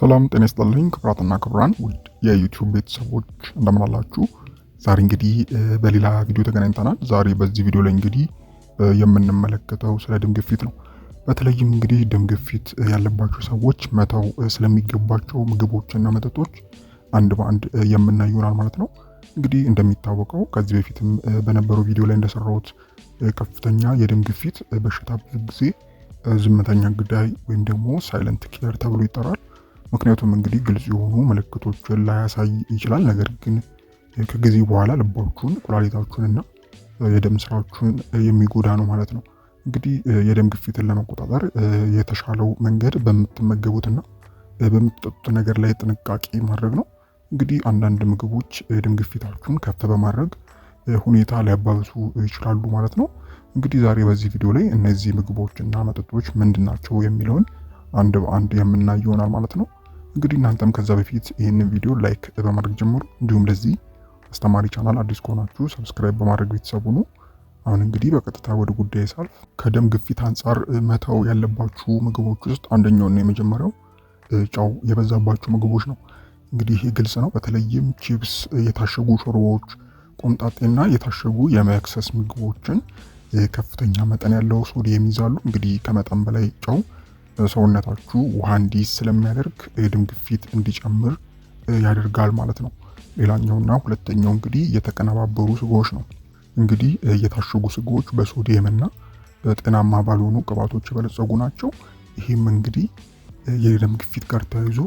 ሰላም ጤና ይስጥልኝ ክቡራትና ክቡራን ውድ የዩቲዩብ ቤተሰቦች እንደምናላችሁ። ዛሬ እንግዲህ በሌላ ቪዲዮ ተገናኝተናል። ዛሬ በዚህ ቪዲዮ ላይ እንግዲህ የምንመለከተው ስለ ደም ግፊት ነው። በተለይም እንግዲህ ደም ግፊት ያለባቸው ሰዎች መተው ስለሚገባቸው ምግቦችና መጠጦች አንድ በአንድ የምናይ ይሆናል ማለት ነው። እንግዲህ እንደሚታወቀው ከዚህ በፊትም በነበረው ቪዲዮ ላይ እንደሰራሁት ከፍተኛ የደም ግፊት በሽታ ብዙ ጊዜ ዝምተኛ ግዳይ ወይም ደግሞ ሳይለንት ኪለር ተብሎ ይጠራል። ምክንያቱም እንግዲህ ግልጽ የሆኑ ምልክቶችን ላያሳይ ይችላል። ነገር ግን ከጊዜ በኋላ ልባችሁን፣ ኩላሊታችሁን እና የደም ስራችሁን የሚጎዳ ነው ማለት ነው። እንግዲህ የደም ግፊትን ለመቆጣጠር የተሻለው መንገድ በምትመገቡትና በምትጠጡት ነገር ላይ ጥንቃቄ ማድረግ ነው። እንግዲህ አንዳንድ ምግቦች የደም ግፊታችሁን ከፍ በማድረግ ሁኔታ ሊያባብሱ ይችላሉ ማለት ነው። እንግዲህ ዛሬ በዚህ ቪዲዮ ላይ እነዚህ ምግቦች እና መጠጦች ምንድናቸው የሚለውን አንድ በአንድ የምናይ ይሆናል ማለት ነው። እንግዲህ እናንተም ከዛ በፊት ይህን ቪዲዮ ላይክ በማድረግ ጀምሩ። እንዲሁም ለዚህ አስተማሪ ቻናል አዲስ ከሆናችሁ ሰብስክራይብ በማድረግ ቤተሰቡ ነው። አሁን እንግዲህ በቀጥታ ወደ ጉዳይ ሳልፍ ከደም ግፊት አንጻር መተው ያለባችሁ ምግቦች ውስጥ አንደኛውና የመጀመሪያው ጨው የበዛባቸው ምግቦች ነው። እንግዲህ ይህ ግልጽ ነው። በተለይም ቺፕስ፣ የታሸጉ ሾርባዎች፣ ቆምጣጤና የታሸጉ የመክሰስ ምግቦችን ከፍተኛ መጠን ያለው ሶዲየም ይዛሉ። እንግዲህ ከመጠን በላይ ጨው ሰውነታችሁ ውሃ እንዲይዝ ስለሚያደርግ የደም ግፊት እንዲጨምር ያደርጋል ማለት ነው። ሌላኛውና ሁለተኛው እንግዲህ የተቀነባበሩ ስጎዎች ነው። እንግዲህ የታሸጉ ስጎዎች በሶዲየምና ጤናማ ባልሆኑ ቅባቶች የበለጸጉ ናቸው። ይህም እንግዲህ የደም ግፊት ጋር ተያይዞ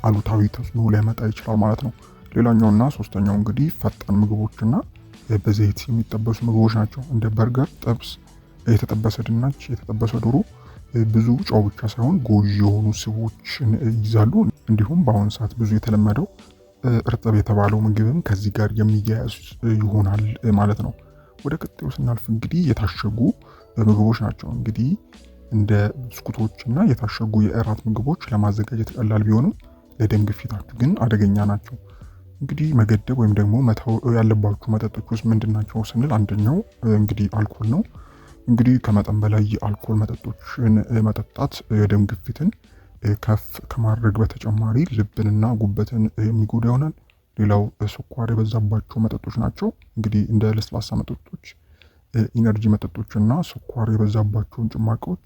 ጣሉታዊ ተጽዕኖ ሊያመጣ ይችላል ማለት ነው። ሌላኛውና ሶስተኛው እንግዲህ ፈጣን ምግቦችና በዘይት የሚጠበሱ ምግቦች ናቸው። እንደ በርገር፣ ጥብስ፣ የተጠበሰ ድናች የተጠበሰ ዶሮ ብዙ ጨው ብቻ ሳይሆን ጎጂ የሆኑ ስቦችን ይይዛሉ። እንዲሁም በአሁኑ ሰዓት ብዙ የተለመደው እርጥብ የተባለው ምግብም ከዚህ ጋር የሚያያዝ ይሆናል ማለት ነው። ወደ ቀጣዩ ስናልፍ እንግዲህ የታሸጉ ምግቦች ናቸው። እንግዲህ እንደ ብስኩቶች እና የታሸጉ የእራት ምግቦች ለማዘጋጀት ቀላል ቢሆንም ለደም ግፊታችሁ ግን አደገኛ ናቸው። እንግዲህ መገደብ ወይም ደግሞ መተው ያለባችሁ መጠጦች ውስጥ ምንድን ናቸው ስንል አንደኛው እንግዲህ አልኮል ነው። እንግዲህ ከመጠን በላይ የአልኮል መጠጦችን መጠጣት የደም ግፊትን ከፍ ከማድረግ በተጨማሪ ልብንና ጉበትን የሚጎዳ ይሆናል። ሌላው ስኳር የበዛባቸው መጠጦች ናቸው። እንግዲህ እንደ ለስላሳ መጠጦች፣ ኢነርጂ መጠጦች እና ስኳር የበዛባቸውን ጭማቂዎች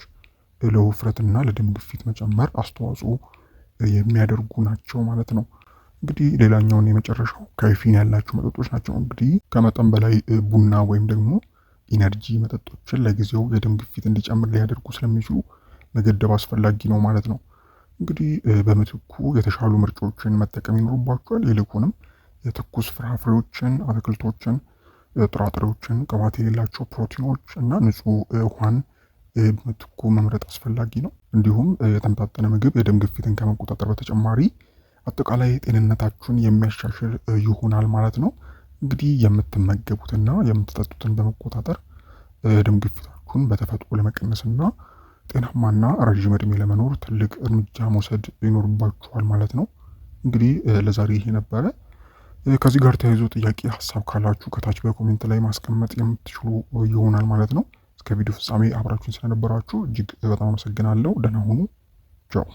ለውፍረትና ለደም ግፊት መጨመር አስተዋጽኦ የሚያደርጉ ናቸው ማለት ነው። እንግዲህ ሌላኛውን የመጨረሻው ካይፊን ያላቸው መጠጦች ናቸው። እንግዲህ ከመጠን በላይ ቡና ወይም ደግሞ ኢነርጂ መጠጦችን ለጊዜው የደም ግፊት እንዲጨምር ሊያደርጉ ስለሚችሉ መገደብ አስፈላጊ ነው ማለት ነው። እንግዲህ በምትኩ የተሻሉ ምርጫዎችን መጠቀም ይኖርባቸዋል። ይልቁንም የትኩስ ፍራፍሬዎችን፣ አትክልቶችን፣ ጥራጥሬዎችን፣ ቅባት የሌላቸው ፕሮቲኖች እና ንጹህ ውሃን በምትኩ መምረጥ አስፈላጊ ነው። እንዲሁም የተመጣጠነ ምግብ የደም ግፊትን ከመቆጣጠር በተጨማሪ አጠቃላይ ጤንነታችን የሚያሻሽል ይሆናል ማለት ነው። እንግዲህ የምትመገቡትና የምትጠጡትን በመቆጣጠር ደም ግፊታችሁን በተፈጥሮ ለመቀነስና ጤናማና ረዥም እድሜ ለመኖር ትልቅ እርምጃ መውሰድ ይኖርባችኋል ማለት ነው። እንግዲህ ለዛሬ ይሄ ነበረ። ከዚህ ጋር ተያይዞ ጥያቄ፣ ሀሳብ ካላችሁ ከታች በኮሜንት ላይ ማስቀመጥ የምትችሉ ይሆናል ማለት ነው። እስከ ቪዲዮ ፍጻሜ አብራችሁን ስለነበራችሁ እጅግ በጣም አመሰግናለሁ። ደህና ሁኑ። ቻው